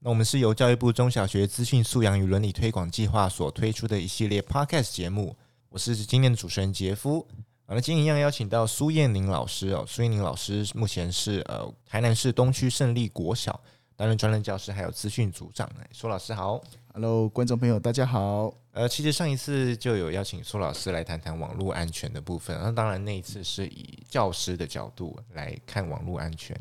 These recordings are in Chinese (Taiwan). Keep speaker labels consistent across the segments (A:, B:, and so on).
A: 那我們是由教育部中小學資訊素養與倫理推廣計劃所推出的一系列 podcast 節目，我是今天的主持人杰夫。啊，那今天一樣邀請到蘇彥寧老師哦。蘇彥寧老師目前是呃台南市東區勝利國小擔任專任教師，還有資訊組長。蘇老師好，Hello，觀眾朋友大家好。呃，其實上一次就有邀請蘇老師來談談網絡安全的部分，那當然那一次是以教師的角度來看網絡安全。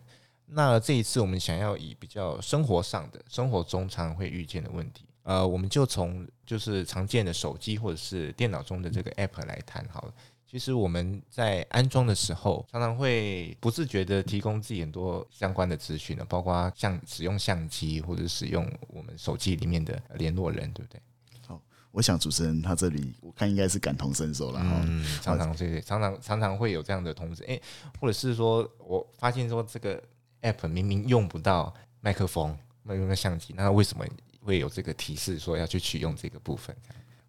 A: 那這一次我們想要以比較生活上的生活中常常會遇見的問題，呃，我們就從就是常見的手機或者是電腦中的這個 app 來談好了。其實我們在安裝的時候，常常會不自覺地提供自己很多相關的資訊呢，包括像使用相機或者使用我們手機裡面的聯絡人，對不對？好，
B: 我想主持人他這裡我看應該是
A: 感同身受了，嗯，常常常常常常會有這樣的通知，哎、欸，或者是說我發現說這個。app 明明用不到麥克風，那用個相機，那為什麼會有這個提示說要去取用這個部分？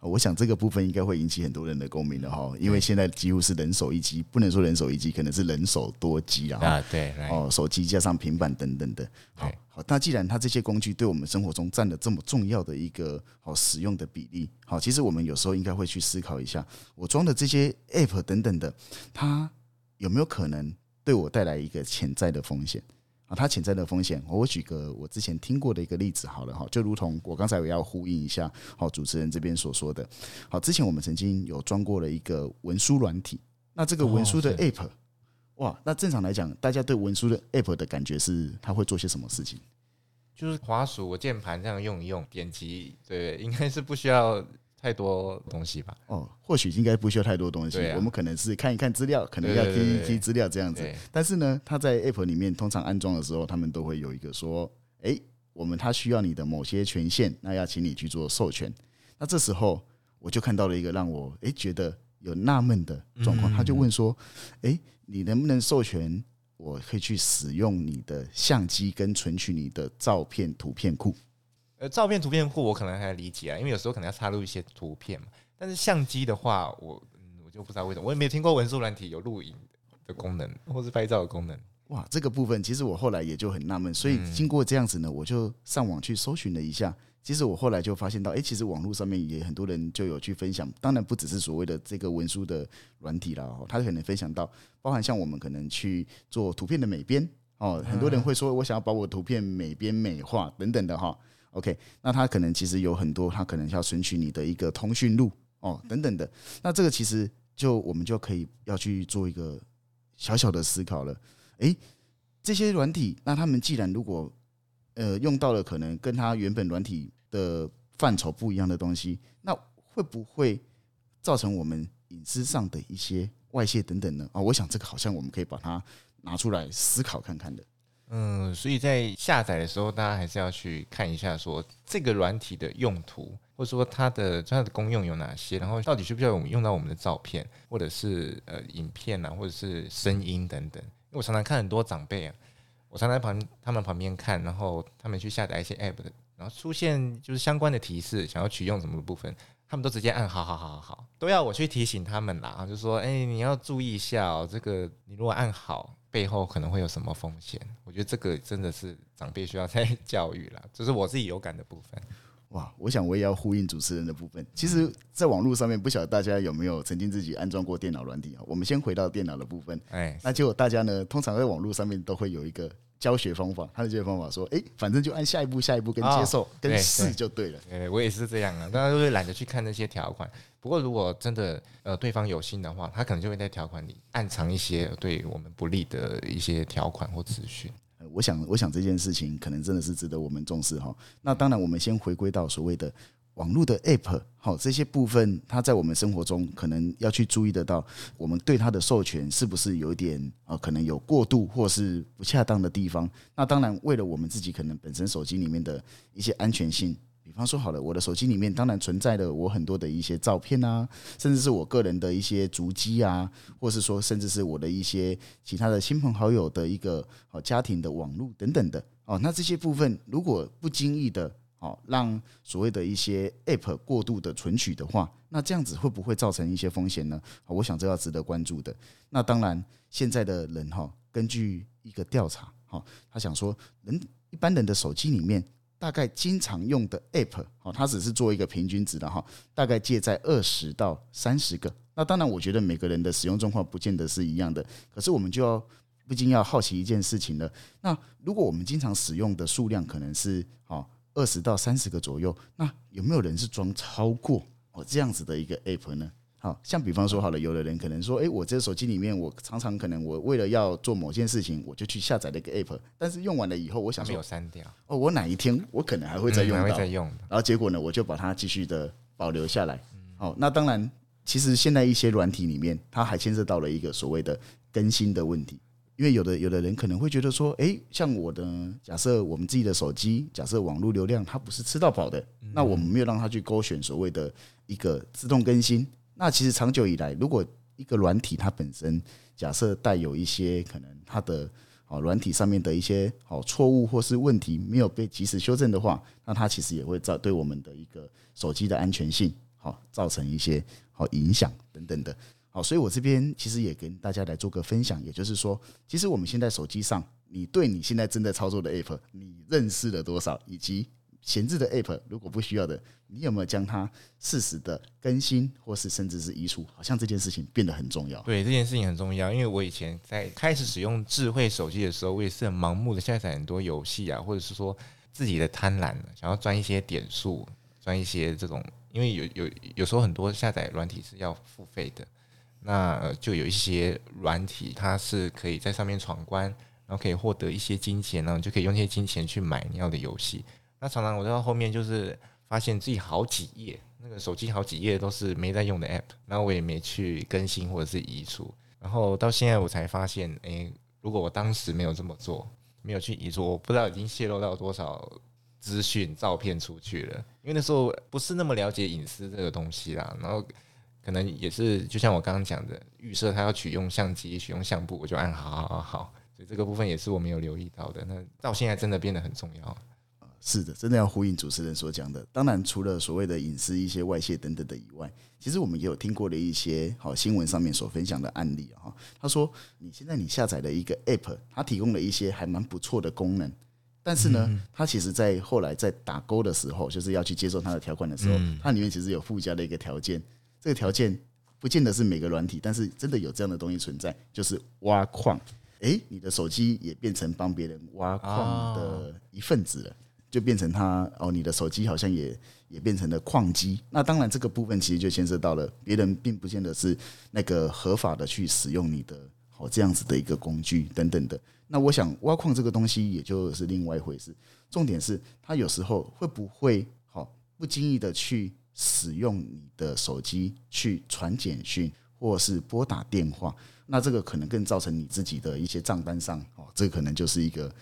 B: 我想這個部分應該會引起很多人的共鳴的哈，因為現在幾乎是人手一機，不能說人手一機，可能是人手多機啊。對哦，手機加上平板等等的。好好，那既然它這些工具對我們生活中占了這麼重要的一個好使用的比例，好，其實我們有時候應該會去思考一下，我裝的這些 app 等等的，它有沒有可能對我帶來一個潛在的風險？啊，它潛在的風險，我舉個我之前聽過的一個例子好了哈，就如同我剛才我要呼應一下，好主持人這邊所說的好，之前我們曾經有裝過了一個文書軟體，那
A: 這個文書的 App，哦，
B: 哇，那正常來講，大家對文書的 App 的感覺是它會做些什麼事情？
A: 就是滑鼠、鍵盤這樣用一用，點擊，對，應該是不需要。太多東西吧？哦，或
B: 許應該不需要太多東西，啊。我們可能是看一看資料，可能要聽一聽資料這樣子。對對對對對對，但是呢，它在 App 裡面通常安裝的時候，他們都會有一個說：“哎、欸，我們它需要你的某些權限，那要請你去做授權。”那這時候我就看到了一個讓我誒、欸、覺得有納悶的狀況，他、嗯、就問說：“哎、欸，你能不能授權我可以去使用你的相機跟存取你的照片圖片庫？”
A: 呃，照片圖片庫我可能還理解啊，因為有時候可能要插入一些圖片嘛。但是相機的話，我、嗯、我就不知道為什麼，我也沒有聽過文書軟體有錄影的功能，或是拍照的功能。
B: 哇，這個部分其實我後來也就很納悶，所以經過這樣子呢，我就上網去搜尋了一下、嗯。其實我後來就發現到，誒、欸，其實網絡上面也很多人就有去分享，當然不只是所謂的這個文書的軟體啦，哦、他可能分享到包含像我們可能去做圖片的美編，哦，很多人會說我想要把我圖片美編美化等等的哈。哦 OK，那他可能其實有很多，他可能要存取你的一個通訊錄哦，等等的。那這個其實就我們就可以要去做一個小小的思考了。哎、欸，這些軟體，那他們既然如果呃用到了可能跟它原本軟體的範疇不一樣的東西，那會不會造成我們隱私上的一些外泄等等呢？啊、哦，我想這個好像我們可以把它拿出來思考看看的。
A: 嗯，所以在下載的時候，大家還是要去看一下說，說這個軟體的用途，或者說它的它的功用有哪些，然後到底需不需要用到我們的照片，或者是呃影片吶、啊，或者是聲音等等。因為我常常看很多長輩啊，我常，常在旁他們旁邊看，然後他們去下載一些 app，然後出現就是相關的提示，想要取用什麼部分，他們都直接按好，好，好，好，好，都要我去提醒他們啦，就說，哎、欸，你要注意一下哦，這個你如果按好。背後可能會有什麼風險？我覺得這個真的是長輩需要在教育了，這是我自己有感的部分。
B: 哇，我想我也要呼應主持人的部分。其實，在網絡上面，不曉得大家有沒有曾經自己安裝過電腦軟體啊？我們先回到電腦的部分。哎，那結果大家呢，通常在網絡上面都會有一個教學方法，他的教學方法說：誒、欸，反正就按下一步、下一步，跟接受、哦、跟試
A: 就對了對。誒，我也是這樣啊，大家都會懶得去看那些條款。不過，如果真的呃，對方有心的話，他可能就會在條款裡暗藏一些對我們不利的一些
B: 條款或資訊。我想，我想這件事情可能真的是值得我們重視哈。那當然，我們先回歸到所謂的網絡的 App，好，這些部分它在我們生活中可能要去注意得到，我們對它的授權是不是有一點啊，可能有過度或是不恰當的地方。那當然，為了我們自己可能本身手機裡面的一些安全性。比方說，好了，我的手機裡面當然存在的存在了我很多的一些照片啊，甚至是我個人的一些足迹啊，或是說，甚至是我的一些其他的親朋好友的一個哦，家庭的網絡等等的哦，那這些部分如果不經意的哦，讓所謂的一些 app 過度的存取的話，那這樣子會不會造成一些風險呢？我想這要值得關注的。那當然，現在的人哈，根據一個調查哈，他想說，人一般人的手機裡面。大概經常用的 App，它只是做一個平均值的哈，大概介在二十到三十個。那當然，我覺得每個人的使用狀況不見得是一樣的，可是我們就要不禁要好奇一件事情了。那如果我們經常使用的數量可能是啊二十到三十個左右，那有沒有人是裝超過哦這樣子的一個 App 呢？像比方說，好了，有的人可能說：“誒、欸，我這手機裡面，我常常可能我為了要做某件事情，我就去下載了一個 app，但是用完了以後，我想說沒有刪掉哦，我哪一天我可能還會再用到，嗯、再用然後結果呢，我就把它繼續的保留下來。好，那當然，其實現在一些軟體裡面，它還牽涉到了一個所謂的更新的問題，因為有的有的人可能會覺得說：哎、欸，像我的假設，我們自己的手機，假設網路流量它不是吃到飽的、嗯，那我們沒有讓它去勾選所謂的一個自動更新。”那其實長久以來，如果一個軟體它本身假設帶有一些可能它的啊軟體上面的一些好錯誤或是問題沒有被及時修正的話，那它其實也會造，對我們的一個手機的安全性好，造成一些好影響等等的。好，所以我這邊其實也跟大家來做個分享，也就是說，其實我們現在手機上，你對你現在正在操作的 app，你認識了多少，以及閒置的 App 如果不需要的，你有沒有將它適時的更新，或是甚至是移除？好像這件事情變得很重要。
A: 對，這件事情很重要，因為我以前在開始使用智慧手機的時候，我也是很盲目的下載很多遊戲啊，或者是說自己的貪婪，想要賺一些點數，賺一些這種。因為有有有時候很多下載軟體是要付費的，那就有一些軟體它是可以在上面闖關，然後可以獲得一些金錢，然後就可以用這些金錢去買你要的遊戲。那常常我到後面就是發現自己好幾頁那個手機好幾頁都是沒在用的 app，然後我也沒去更新或者是移除，然後到現在我才發現，誒、欸，如果我當時沒有這麼做，沒有去移除，我不知道已經洩露到多少資訊照片出去了。因為那時候不是那麼了解隱私這個東西啦，然後可能也是就像我剛剛講的，預設他要取用相機、取用相簿，我就按好好好，所以這個部分也是我沒有留意到的。那到現在真的變得很重要。
B: 是的，真的要呼應主持人所講的。當然，除了所謂的隱私一些外洩等等的以外，其實我們也有聽過的一些好新聞上面所分享的案例哈，他說：“你現在你下載了一個 App，它提供了一些還蠻不錯的功能，但是呢，它其實在後來在打勾的時候，就是要去接受它的條款的時候，它裡面其實有附加的一個條件。這個條件不見得是每個軟體，但是真的有這樣的東西存在，就是挖礦。誒，你的手機也變成幫別人挖礦的一份子了。”就變成他哦，你的手機好像也也變成了礦機。那當然，這個部分其實就牽涉到了別人並不見得是那個合法的去使用你的哦，這樣子的一個工具等等的。那我想挖礦這個東西也就是另外一回事。重點是他有時候會不會好不經意的去使用你的手機去傳簡訊或是撥打電話？那這個可能更造成你自己的一些賬單上哦，這個可能就是一個，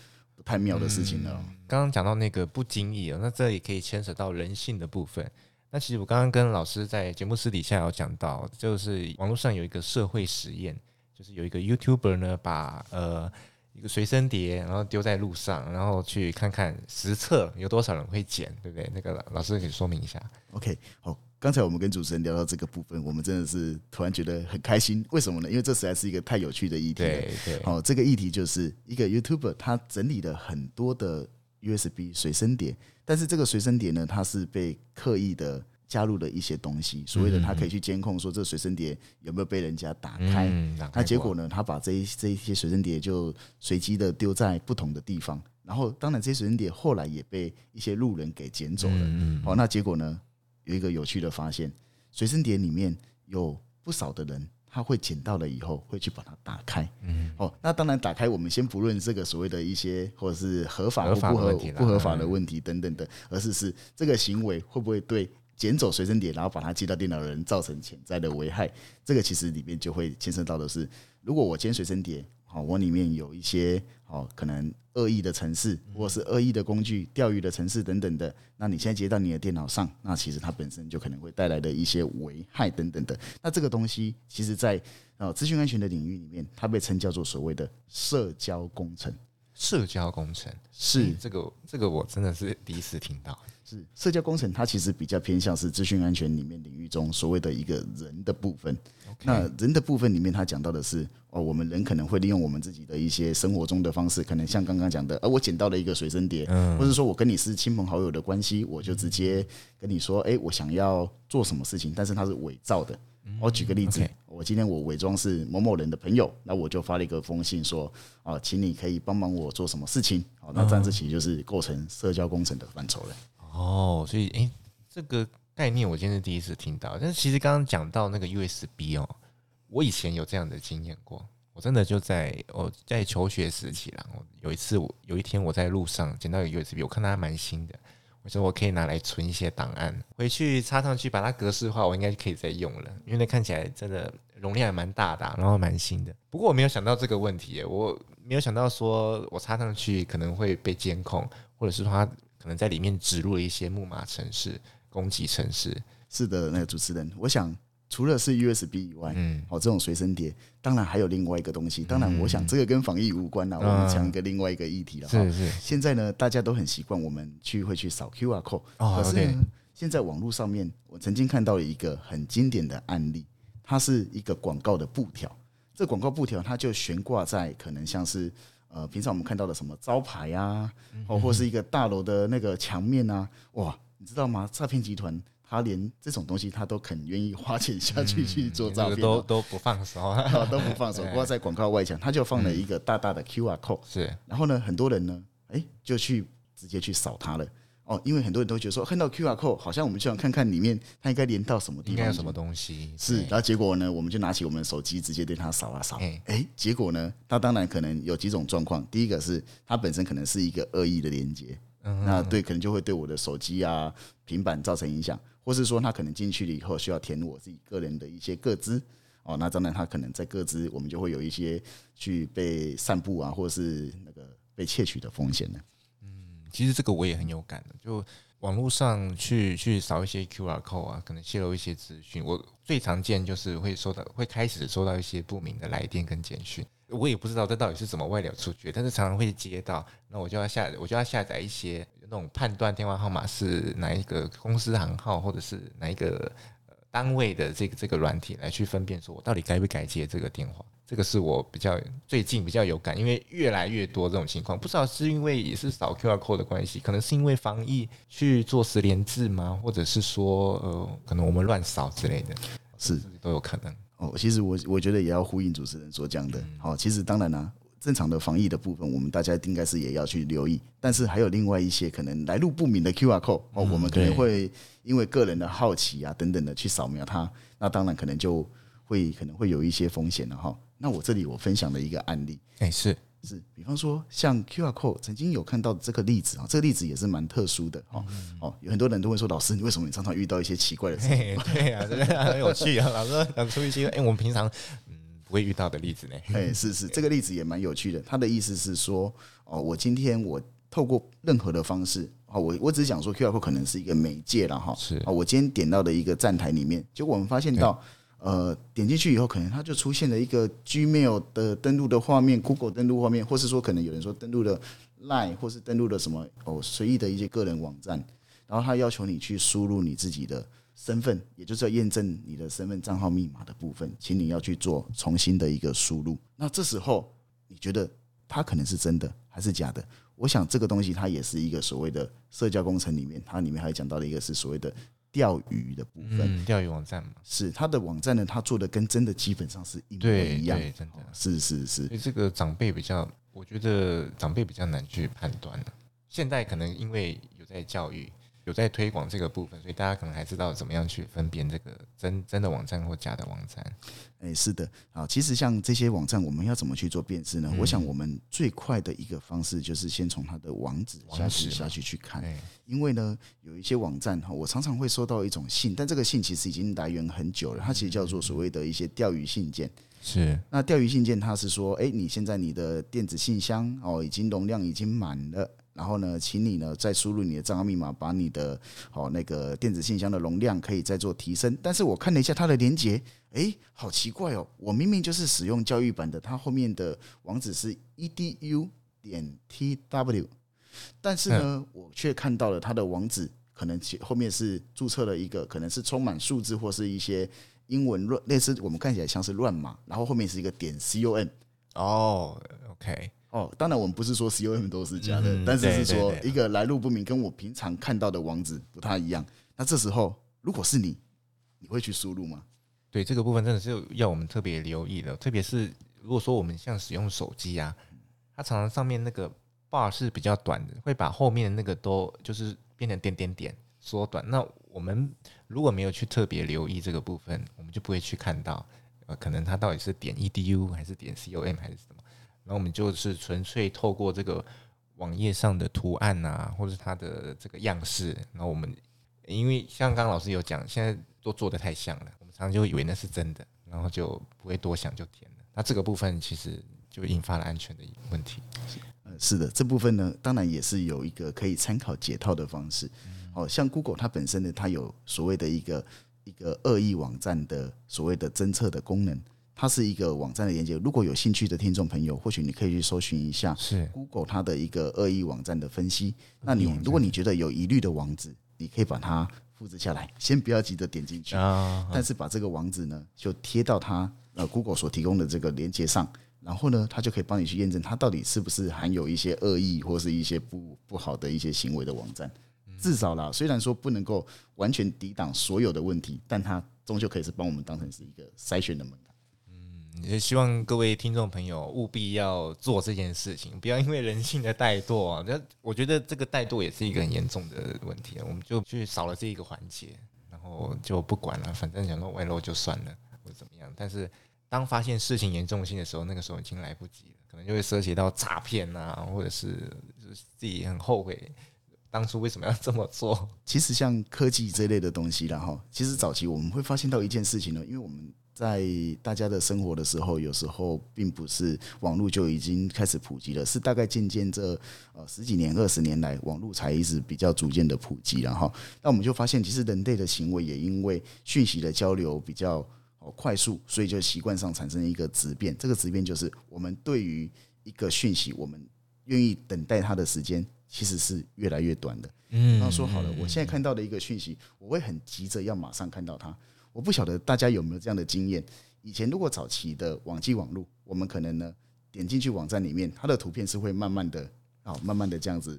B: 太妙的事情了，嗯。剛
A: 剛講到那個不經意啊，那這也可以牽扯到人性的部分。那其實我剛剛跟老師在節目私底下有講到，就是網絡上有一個社會實驗，就是有一個 YouTuber 呢，把呃一個隨身碟，然後丟在路上，然後去看看實測有多少人會撿，對不對？那個老師可以說明一下。
B: OK，好。剛才我們跟主持人聊到這個部分，我們真的是突然覺得很開心。為什麼呢？因為這實在是一個太有趣的議題了。對、對。哦，這個議題就是一個 YouTuber 他整理了很多的 USB 隨身碟，但是這個隨身碟呢，它是被刻意的加入了一些東西，所謂的他可以去監控說這隨身碟有沒有被人家打開。那結果呢，他把這一這一些隨身碟就隨機的丟在不同的地方。然後當然，這些隨身碟後來也被一些路人給撿走了。好、嗯哦，那結果呢？有一個有趣的發現，隨身碟裡面有不少的人，他會撿到了以後會去把它打開。嗯，哦，那當然打開，我們先不論這個所謂的一些或者是合法的不合不合法的問題等等等，而是是這個行為會不會對撿走隨身碟然後把它接到電腦的人造成潛在的危害？這個其實裡面就會牽涉到的是，如果我撿隨身碟。哦，我裡面有一些哦，可能惡意的程式，或者是惡意的工具、釣魚的程式等等的。那你現在接到你的電腦上，那其實它本身就可能會帶來的一些危害等等的。那這個東西，其實在呃，資訊安全的領域裡面，它被稱叫做所謂的社交
A: 工程。社交工程是這個，這個我真的是第一次聽到。是
B: 社交工程，它其實比較偏向是資訊安全裡面領域中所謂的一個人的部分。Okay. 那人的部分裡面，他講到的是哦，我們人可能會利用我們自己的一些生活中的方式，可能像剛剛講的，呃，我撿到了一個隨身碟，或者說我跟你是親朋好友的關係，我就直接跟你說、欸，誒，我想要做什麼事情，但是它是偽造的。我舉個例子，我今天我偽裝是某某人的朋友，那我就發了一個封信說，啊，請你可以幫幫我做什麼事情？好，那這樣子其實就是構成社交工程的範疇
A: 了、okay.。哦，所以、欸，誒，這個。概念我今天是第一次聽到，但是其實剛剛講到那個 USB 哦、喔，我以前有這樣的經驗過，我真的就在我、喔、在求學時期啦。我有一次我有一天我在路上撿到一個 USB，我看它還蠻新的，我說我可以拿來存一些檔案，回去插上去把它格式化，我應該就可以再用了，因為那看起來真的容量還蠻大的、啊，然後蠻新的。不過我沒有想到這個問題耶，我沒有想到說我插上去可能會被監控，或者是說它可能在裡面植入了一些木馬程式。攻擊城市。是的，那個主持人，我想除了是 USB
B: 以外，嗯，哦，這種隨身碟，當然還有另外一個東西。當然，我想這個跟防疫無關啊。我們講一個另外一個議題了。哈，現在呢，大家都很習慣我們去會去掃 QR code，哦。可是現在網絡上面，我曾經看到一個很經典的案例，它是一個廣告的布條。這廣告布條，它就懸掛在可能像是呃，平常我們看到的什麼招牌呀，哦，或是一個大樓的那個牆面啊，哇。你知道嗎？詐騙集團他連這種東西他都肯願意花錢下去去做詐騙，嗯，那個，都不、
A: 啊、 都不放手，都不放手。不過在
B: 廣告外牆，他就放了一個大大的 QR code，嗯。是，然後呢，很多人呢，哎、欸，就去直接去掃它了。哦，因為很多人都覺得說，看到 QR code，好像我們就想看看裡面它應該連到什麼地方，什麼
A: 東西。
B: 是，然後結果呢，我們就拿起我們的手機直接對它掃啊掃。哎、欸，結果呢，它當然可能有幾種狀況。第一個是它本身可能是一個惡意的連結。那對，可能就會對我的手機啊、平板造成影響，或是說他可能進去了以後需要填我自己個人的一些個資哦，那當然他可能在個資我們就會有一些去被散布啊，或是
A: 那個被竊取的風險呢。嗯，其實這個我也很有感的，就網絡上去去掃一些 QR Code 啊，可能洩露一些資訊。我最常見就是會收到，會開始收到一些不明的來電跟簡訊。我也不知道這到底是怎麼外流出去，但是常常會接到，那我就要下，我就要下載一些那種判斷電話號碼是哪一個公司行號或者是哪一個、呃、單位的這個這個軟體來去分辨，說我到底該不該接這個電話。這個是我比較最近比較有感，因為越來越多這種情況，不知道是因為也是掃 QR code 的關係，可能是因為防疫去做實聯制嗎？或者是說呃，可能我們亂掃之類的，是都有可能。
B: 哦，其實我我覺得也要呼應主持人所講的，好，其實當然啦、啊，正常的防疫的部分，我們大家應該是也要去留意，但是還有另外一些可能來路不明的 QR code，哦，我們可能會因為個人的好奇啊等等的去掃描它，那當然可能就會可能會有一些風險了哈。那我這裡我分享的一個案例，哎是。是，比方說像 QR Code 曾經有看到這個例子啊，這個例子也是蠻特殊的哦哦，有很多人都會說老師，你為什麼你常常遇到一些奇怪的事情？對啊，對很有趣啊， 老師講一
A: 些哎，我們平常、嗯、不會遇到的例子呢？是
B: 是，是這個例子也蠻有趣的。他的意思是說哦，我今天我透過任何的方式哦，我我只是想說 QR Code 可能是一個媒介了哈，是啊，我今天點到的一個站台裡面，結果我們發現到。呃，點進去以後，可能它就出現了一個 Gmail 的登錄的畫面，Google 登錄畫面，或是說可能有人說登錄了 Line，或是登錄了什麼哦，隨意的一些個人網站，然後它要求你去輸入你自己的身份，也就是要驗證你的身份、賬號、密碼的部分，請你要去做重新的一個輸入。那這時候你覺得它可能是真的還是假的？我想這個東西它也是一個所謂的社交工程裡面，它裡面還講到了一個是所謂的。釣魚的部
A: 分，嗯、釣魚網站嘛，
B: 是他的網站呢，他做的跟
A: 真的基本上是一模一樣。對對真的，是是是對。這個長輩比較，我覺得長輩比較難去判斷。現在可能因為有在教育。有在推廣這個部分，所以大家可能還知道怎麼樣去分辨這個真真的網站或假的網站。
B: 誒，是的，好，其實像這些網站，我們要怎麼去做辨識呢？嗯，我想我們最快的一個方式就是先從它的網址下去下去去看，因為呢，有一些網站哈，我常常會收到一種信，但這個信其實已經來源很久了，它其實叫做所謂的一些釣魚信件。
A: 是，
B: 那釣魚信件它是說，誒、欸，你現在你的電子信箱哦已經容量已經滿了。然後呢，請你呢再輸入你的賬號密碼，把你的哦那個電子信箱的容量可以再做提升。但是我看了一下它的連接，哎、欸，好奇怪哦！我明明就是使用教育版的，它後面的網址是 e d u 點 t w，但是呢，嗯、我卻看到了它的網址可能後面是注冊了一個可能是充滿數字或是一些英文亂類似我們看起來像是亂碼，然後後面是一個點 com。哦，OK。哦，當然我們不是說 .com 都是假的，嗯、但是是說一個來路不明，跟我平常看到的網址不
A: 太一樣。嗯、那這時候如果是你，你會去輸入嗎？對，這個部分真的是要我們特別留意的，特別是如果說我們像使用手機啊，它常常上面那個 bar 是比較短的，會把後面那個都就是變成點點點縮短。那我們如果沒有去特別留意這個部分，我們就不會去看到，呃，可能它到底是點 .edu 還是點 .com 還是什麼。那我們就是純粹透過這個網頁上的圖案啊，或者是它的這個樣式，然後我們因為像剛剛老師有講，現在都做得太像了，我們常常就以為那是真的，然後就不會多想就填了。那這個部分其實就引發了安全的問題。
B: 是的，這部分呢，當然也是有一個可以參考解套的方式。哦，像 Google 它本身呢，它有所謂的一個一個惡意網站的所謂的偵測的功能。它是一個網站的連接，如果有興趣的聽眾朋友，或許你可以去搜尋一下，是 Google 它的一個惡意網站的分析。那你如果你覺得有疑慮的網址，你可以把它複製下來，先不要急着點進去，但是把這個網址呢，就貼到它呃 Google 所提供的這個連接上，然後呢，它就可以幫你去驗證它到底是不是含有一些惡意或是一些不不好的一些行為的網站。至少啦，雖然說不能夠完全抵擋所有的問題，但它終究可以是幫我們當成是一個篩選
A: 的門也希望各位聽眾朋友務必要做這件事情，不要因為人性的怠惰，那我覺得這個怠惰也是一個很嚴重的問題。我們就去少了這一個環節，然後就不管了，反正講漏未漏就算了，或者怎麼樣。但是當發現事情嚴重性的時候，那個時候已經來不及了，可能就會涉及到詐騙吶，或者是就是自己很後悔當初為什麼要這麼做。其實
B: 像科技這類的東西，然後其實早期我們會發現到一件事情呢，因為我們。在大家的生活的時候，有時候並不是網絡就已經開始普及了，是大概漸漸這呃十幾年、二十年來，網絡才一直比較逐漸的普及。然後那我們就發現，其實人類的行為也因為訊息的交流比較快速，所以就習慣上產生一個質變。這個質變就是，我們對於一個訊息，我們願意等待它的時間其實是越來越短的。那說好了，我現在看到的一個訊息，我會很急着要馬上看到它。我不曉得大家有沒有這樣的經驗。以前如果早期的網際網路，我們可能呢點進去網站裡面，它的圖片是會慢慢的啊，慢慢的這樣子。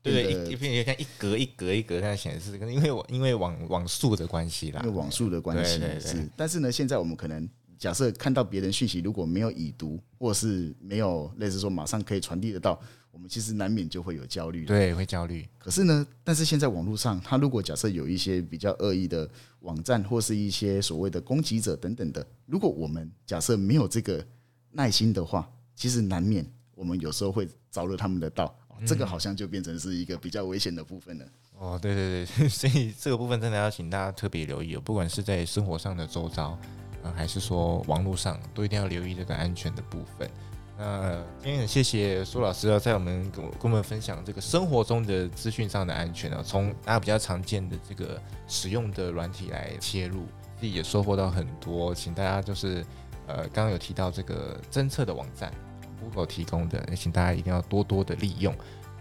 A: 對，一一片一片一格一格一格在顯示，可能因為網因為網網速的關係啦。因為網速的關係。但是呢，現在我們可能
B: 假設看到別人訊息，如果沒有已讀，或是沒有類似說馬上可以傳遞得到。我們其實難免就會有焦慮，對，會
A: 焦慮。可是呢，
B: 但是現在網絡上，他如果假設有一些比較惡意的網站，或是一些所謂的攻擊者等等的，如果我們假設沒有這個耐心的話，其實難免我們有時候會
A: 着了他們的道，
B: 嗯。這個好像就變成是一個比較危險的部分了。
A: 哦，對對對，所以這個部分真的要請大家特別留意哦，不管是在生活上的周遭，呃，還是說網絡上，都一定要留意這個安全的部分。那今天也很謝謝蘇老師啊，在我們跟我跟我們分享這個生活中的資訊上的安全啊，從大家比較常見的這個使用的軟體來切入，自己也收穫到很多。請大家就是呃，剛剛有提到這個偵測的網站，Google 提供的，也請大家一定要多多的利用。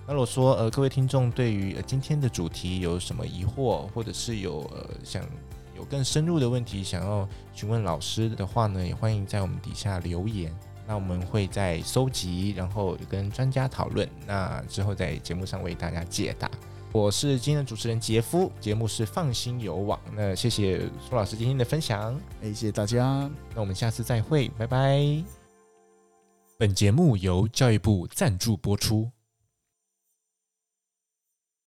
A: 那如果說呃，各位聽眾對於今天的主題有什麼疑惑，或者是有、呃、想有更深入的問題想要詢問老師的話呢，也歡迎在我們底下留言。那我們會在搜集，然後跟專家討論，那之後在節目上為大家解答。我是今天的主持人傑夫，節目是放心遊網。那謝謝蘇老師今天的分享，也謝謝大家。那我們下次再會，拜拜。本節目由教育部贊助播出。